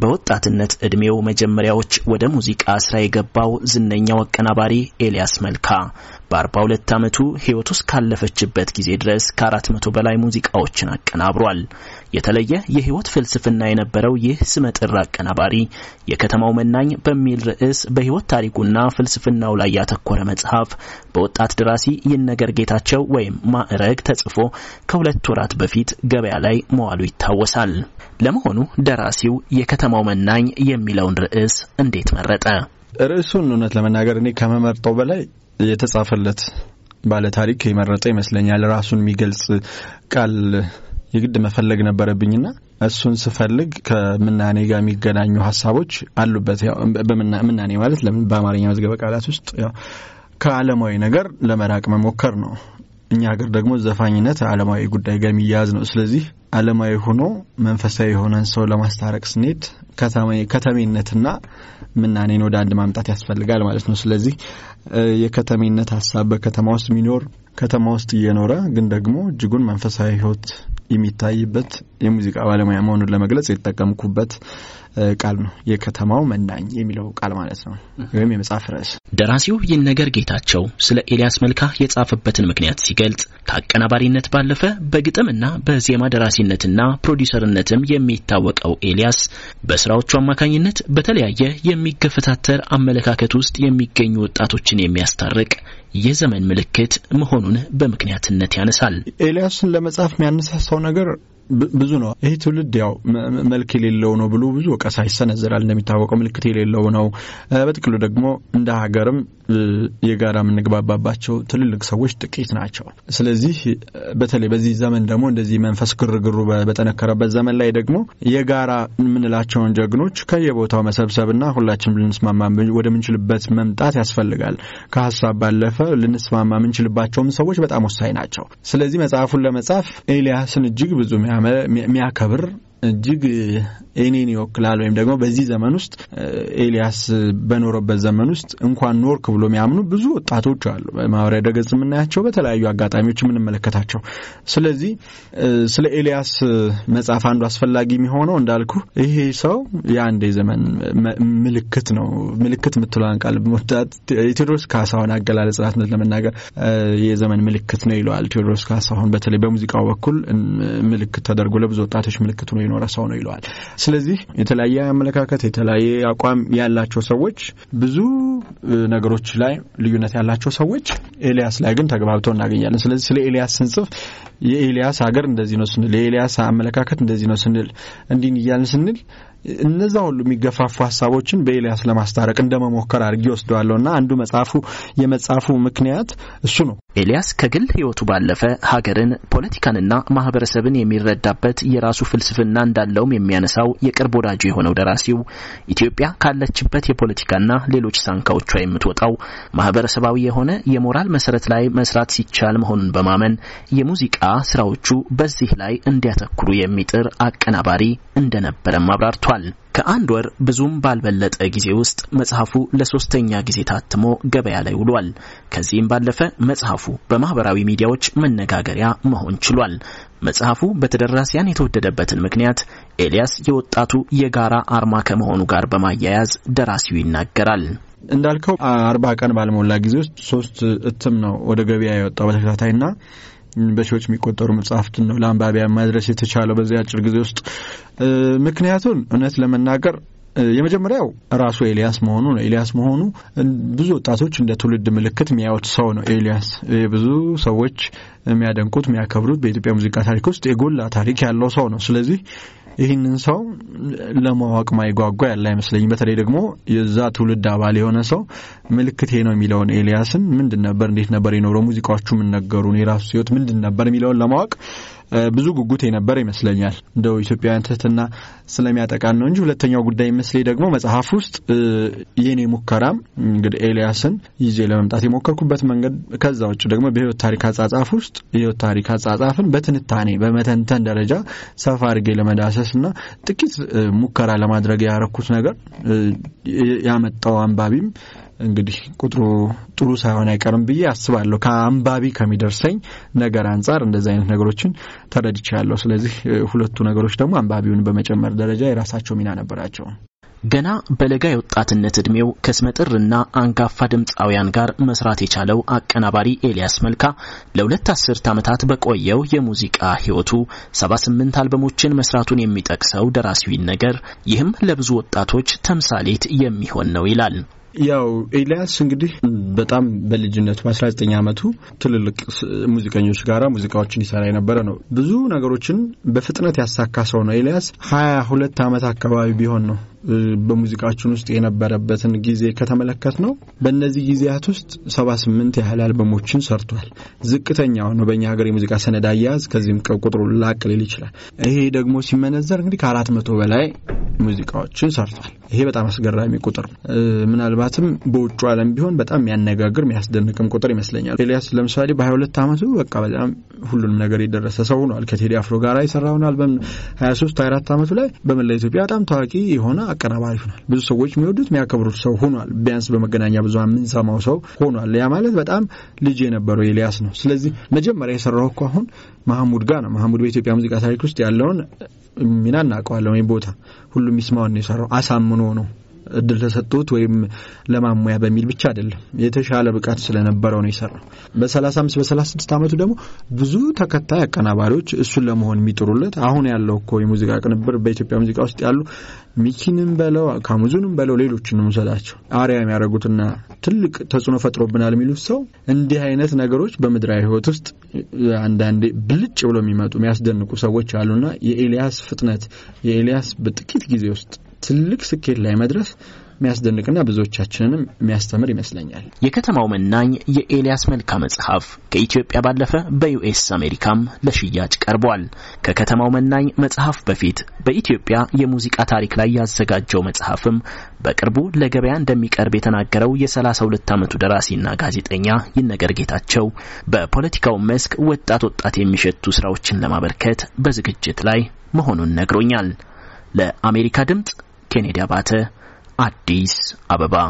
በወጣትነት ዕድሜው መጀመሪያዎች ወደ ሙዚቃ ስራ የገባው ዝነኛው አቀናባሪ ኤልያስ መልካ በ42 ዓመቱ ውስጥ ካለፈችበት ጊዜ ድረስ ከ መቶ በላይ ሙዚቃዎችን አቀናብሯል። የተለየ የህይወት ፍልስፍና የነበረው ይህ ስመጥር አቀናባሪ የከተማው መናኝ በሚል ርዕስ በህይወት ታሪኩና ፍልስፍናው ላይ ያተኮረ መጽሐፍ በወጣት ደራሲ ይነገር ጌታቸው ወይም ማዕረግ ተጽፎ ከሁለት ወራት በፊት ገበያ ላይ መዋሉ ይታወሳል። ለመሆኑ ደራሲው የከተማው መናኝ የሚለውን ርዕስ እንዴት መረጠ? ርዕሱን እውነት ለመናገር እኔ ከመመርጠው በላይ የተጻፈለት ባለ ታሪክ የመረጠ ይመስለኛል። ራሱን የሚገልጽ ቃል የግድ መፈለግ ነበረብኝና እሱን ስፈልግ ከምናኔ ጋር የሚገናኙ ሀሳቦች አሉበት። ምናኔ ማለት ለምን በአማርኛ መዝገበ ቃላት ውስጥ ከዓለማዊ ነገር ለመራቅ መሞከር ነው። እኛ ሀገር ደግሞ ዘፋኝነት አለማዊ ጉዳይ ጋር የሚያያዝ ነው። ስለዚህ አለማዊ ሆኖ መንፈሳዊ የሆነን ሰው ለማስታረቅ ስንሄድ ከተሜነትና ምናኔን ወደ አንድ ማምጣት ያስፈልጋል ማለት ነው። ስለዚህ የከተሜነት ሀሳብ በከተማ ውስጥ የሚኖር ከተማ ውስጥ እየኖረ ግን ደግሞ እጅጉን መንፈሳዊ ህይወት የሚታይበት የሙዚቃ ባለሙያ መሆኑን ለመግለጽ የተጠቀምኩበት ቃል ነው። የከተማው መናኝ የሚለው ቃል ማለት ነው፣ ወይም የመጽሐፍ ርዕስ። ደራሲው ይነገር ጌታቸው ስለ ኤልያስ መልካ የጻፈበትን ምክንያት ሲገልጽ ከአቀናባሪነት ባለፈ በግጥምና በዜማ ደራሲነትና ፕሮዲሰርነትም የሚታወቀው ኤልያስ በስራዎቹ አማካኝነት በተለያየ የሚገፈታተር አመለካከት ውስጥ የሚገኙ ወጣቶችን የሚያስታርቅ የዘመን ምልክት መሆኑን በምክንያትነት ያነሳል። ኤልያስን ለመጻፍ የሚያነሳሳው ነገር ብዙ ነው። ይህ ትውልድ ያው መልክ የሌለው ነው ብሎ ብዙ ወቀሳ ይሰነዘራል። እንደሚታወቀው ምልክት የሌለው ነው። በጥቅሉ ደግሞ እንደ ሀገርም የጋራ የምንግባባባቸው ትልልቅ ሰዎች ጥቂት ናቸው። ስለዚህ በተለይ በዚህ ዘመን ደግሞ እንደዚህ መንፈስ ግርግሩ በጠነከረበት ዘመን ላይ ደግሞ የጋራ የምንላቸውን ጀግኖች ከየቦታው መሰብሰብና ሁላችን ልንስማማ ወደምንችልበት መምጣት ያስፈልጋል። ከሀሳብ ባለፈ ልንስማማ የምንችልባቸውም ሰዎች በጣም ወሳኝ ናቸው። ስለዚህ መጽሐፉን ለመጻፍ ኤልያስን እጅግ ብዙ የሚያከብር እጅግ እኔን ይወክላል ወይም ደግሞ በዚህ ዘመን ውስጥ ኤልያስ በኖረበት ዘመን ውስጥ እንኳን ኖርክ ብሎ የሚያምኑ ብዙ ወጣቶች አሉ። በማህበራዊ ደገጽ የምናያቸው፣ በተለያዩ አጋጣሚዎች የምንመለከታቸው። ስለዚህ ስለ ኤልያስ መጽሐፍ አንዱ አስፈላጊ የሚሆነው እንዳልኩ ይሄ ሰው የአንድ ዘመን ምልክት ነው። ምልክት የምትለዋን ቃል መወጣት ካሳሁን አገላለጽ ናትነት ለመናገር የዘመን ምልክት ነው ይለዋል ቴዎድሮስ ካሳሁን። በተለይ በሙዚቃው በኩል ምልክት ተደርጎ ለብዙ ወጣቶች ምልክት ነው የሚኖረ ሰው ነው ይለዋል። ስለዚህ የተለያየ አመለካከት የተለያየ አቋም ያላቸው ሰዎች ብዙ ነገሮች ላይ ልዩነት ያላቸው ሰዎች ኤልያስ ላይ ግን ተግባብተው እናገኛለን። ስለዚህ ስለ ኤልያስ ስንጽፍ የኤልያስ ሀገር እንደዚህ ነው ስንል፣ የኤልያስ አመለካከት እንደዚህ ነው ስንል፣ እንዲህን እያልን ስንል እነዛ ሁሉ የሚገፋፉ ሀሳቦችን በኤልያስ ለማስታረቅ እንደ መሞከር አድርጌ ወስደዋለሁና አንዱ መጽሐፉ የመጽሐፉ ምክንያት እሱ ነው። ኤልያስ ከግል ሕይወቱ ባለፈ ሀገርን፣ ፖለቲካንና ማህበረሰብን የሚረዳበት የራሱ ፍልስፍና እውቅና እንዳለውም የሚያነሳው የቅርብ ወዳጁ የሆነው ደራሲው ኢትዮጵያ ካለችበት የፖለቲካና ሌሎች ሳንካዎቿ የምትወጣው ማህበረሰባዊ የሆነ የሞራል መሰረት ላይ መስራት ሲቻል መሆኑን በማመን የሙዚቃ ስራዎቹ በዚህ ላይ እንዲያተኩሩ የሚጥር አቀናባሪ እንደነበረም አብራርቷል። ከአንድ ወር ብዙም ባልበለጠ ጊዜ ውስጥ መጽሐፉ ለሶስተኛ ጊዜ ታትሞ ገበያ ላይ ውሏል። ከዚህም ባለፈ መጽሐፉ በማህበራዊ ሚዲያዎች መነጋገሪያ መሆን ችሏል። መጽሐፉ በተደራሲያን የተወደደበትን ምክንያት ኤልያስ የወጣቱ የጋራ አርማ ከመሆኑ ጋር በማያያዝ ደራሲው ይናገራል። እንዳልከው አርባ ቀን ባልሞላ ጊዜ ውስጥ ሶስት እትም ነው ወደ ገበያ የወጣው በተከታታይና በሺዎች የሚቆጠሩ መጽሐፍትን ነው ለአንባቢያ ማድረስ የተቻለው በዚህ አጭር ጊዜ ውስጥ። ምክንያቱን እውነት ለመናገር የመጀመሪያው ራሱ ኤልያስ መሆኑ ነው። ኤልያስ መሆኑ ብዙ ወጣቶች እንደ ትውልድ ምልክት የሚያዩት ሰው ነው። ኤልያስ ብዙ ሰዎች የሚያደንቁት የሚያከብሩት፣ በኢትዮጵያ ሙዚቃ ታሪክ ውስጥ የጎላ ታሪክ ያለው ሰው ነው። ስለዚህ ይህንን ሰው ለማወቅ ማይጓጓ ያለ አይመስለኝም። በተለይ ደግሞ የዛ ትውልድ አባል የሆነ ሰው ምልክቴ ነው የሚለውን ኤልያስን ምንድን ነበር፣ እንዴት ነበር የኖረው፣ ሙዚቃዎቹ ምን ነገሩን፣ የራሱ ሕይወት ምንድን ነበር የሚለውን ለማወቅ ብዙ ጉጉት የነበረ ይመስለኛል። እንደው ኢትዮጵያውያን ትህትና ስለሚያጠቃን ነው እንጂ ሁለተኛው ጉዳይ ምስሌ ደግሞ መጽሐፍ ውስጥ የኔ ሙከራም እንግዲህ ኤልያስን ይዤ ለመምጣት የሞከርኩበት መንገድ ከዛ ውጭ ደግሞ በህይወት ታሪክ አጻጻፍ ውስጥ የህይወት ታሪክ አጻጻፍን በትንታኔ በመተንተን ደረጃ ሰፋ አድርጌ ለመዳሰስ እና ጥቂት ሙከራ ለማድረግ ያረኩት ነገር ያመጣው አንባቢም እንግዲህ ቁጥሩ ጥሩ ሳይሆን አይቀርም ብዬ አስባለሁ። ከአንባቢ ከሚደርሰኝ ነገር አንጻር እንደዚህ አይነት ነገሮችን ተረድቻለሁ። ስለዚህ ሁለቱ ነገሮች ደግሞ አንባቢውን በመጨመር ደረጃ የራሳቸው ሚና ነበራቸው። ገና በለጋ የወጣትነት እድሜው ከስመጥርና አንጋፋ ድምፃውያን ጋር መስራት የቻለው አቀናባሪ ኤልያስ መልካ ለሁለት አስርት ዓመታት በቆየው የሙዚቃ ሕይወቱ 78 አልበሞችን መስራቱን የሚጠቅሰው ደራሲው ነገር ይህም ለብዙ ወጣቶች ተምሳሌት የሚሆን ነው ይላል። ያው ኤልያስ እንግዲህ በጣም በልጅነቱ በ19 ዓመቱ ትልልቅ ሙዚቀኞች ጋራ ሙዚቃዎችን ይሰራ የነበረ ነው። ብዙ ነገሮችን በፍጥነት ያሳካ ሰው ነው ኤልያስ። 22 ሁለት ዓመት አካባቢ ቢሆን ነው በሙዚቃችን ውስጥ የነበረበትን ጊዜ ከተመለከት ነው። በእነዚህ ጊዜያት ውስጥ 78 ያህል አልበሞችን ሰርቷል። ዝቅተኛው ነው በእኛ ሀገር የሙዚቃ ሰነድ አያያዝ፣ ከዚህም ቁጥሩ ላቅ ሊል ይችላል። ይሄ ደግሞ ሲመነዘር እንግዲህ ከአራት መቶ በላይ ሙዚቃዎችን ሰርቷል። ይሄ በጣም አስገራሚ ቁጥር ነው። ምናልባትም በውጭ ዓለም ቢሆን በጣም የሚያነጋግር የሚያስደንቅም ቁጥር ይመስለኛል። ኤልያስ ለምሳሌ በ ሁለት ዓመቱ በቃ በጣም ሁሉንም ነገር የደረሰ ሰው ሆኗል። ከቴዲ አፍሮ ጋር የሰራ ሆኗል ሶስት በ23 አራት ዓመቱ ላይ በመላ ኢትዮጵያ በጣም ታዋቂ የሆነ አቀናባሪ ሆኗል። ብዙ ሰዎች የሚወዱት የሚያከብሩት ሰው ሆኗል። ቢያንስ በመገናኛ ብዙሃን የምንሰማው ሰው ሆኗል። ያ ማለት በጣም ልጅ የነበረው ኤልያስ ነው። ስለዚህ መጀመሪያ የሰራው እኮ አሁን መሐሙድ ጋር ነው። መሐሙድ በኢትዮጵያ ሙዚቃ ታሪክ ውስጥ ያለውን ሚና እናውቀዋለን ወይም ቦታ ሁሉም ይስማውን የሰራው አሳምኖ ምን ሆኖ እድል ተሰጥቶት ወይም ለማሙያ በሚል ብቻ አይደለም። የተሻለ ብቃት ስለነበረው ነው የሰራው። በ በ35 በ36 ዓመቱ ደግሞ ብዙ ተከታይ አቀናባሪዎች እሱን ለመሆን የሚጥሩለት አሁን ያለው እኮ የሙዚቃ ቅንብር በኢትዮጵያ ሙዚቃ ውስጥ ያሉ ሚኪንም በለው ካሙዙንም በለው ሌሎችን ውሰዳቸው አሪያ የሚያደርጉትና ትልቅ ተጽዕኖ ፈጥሮብናል የሚሉት ሰው እንዲህ አይነት ነገሮች በምድራዊ ህይወት ውስጥ አንዳንዴ ብልጭ ብሎ የሚመጡ የሚያስደንቁ ሰዎች አሉና የኤልያስ ፍጥነት የኤልያስ በጥቂት ጊዜ ውስጥ ትልቅ ስኬት ላይ መድረስ የሚያስደንቅና ብዙዎቻችንንም የሚያስተምር ይመስለኛል። የከተማው መናኝ የኤልያስ መልካ መጽሐፍ ከኢትዮጵያ ባለፈ በዩኤስ አሜሪካም ለሽያጭ ቀርቧል። ከከተማው መናኝ መጽሐፍ በፊት በኢትዮጵያ የሙዚቃ ታሪክ ላይ ያዘጋጀው መጽሐፍም በቅርቡ ለገበያ እንደሚቀርብ የተናገረው የ32 ዓመቱ ደራሲና ጋዜጠኛ ይነገር ጌታቸው በፖለቲካው መስክ ወጣት ወጣት የሚሸቱ ስራዎችን ለማበርከት በዝግጅት ላይ መሆኑን ነግሮኛል። ለአሜሪካ ድምጽ ኬኔዲ አባተ አዲስ አበባ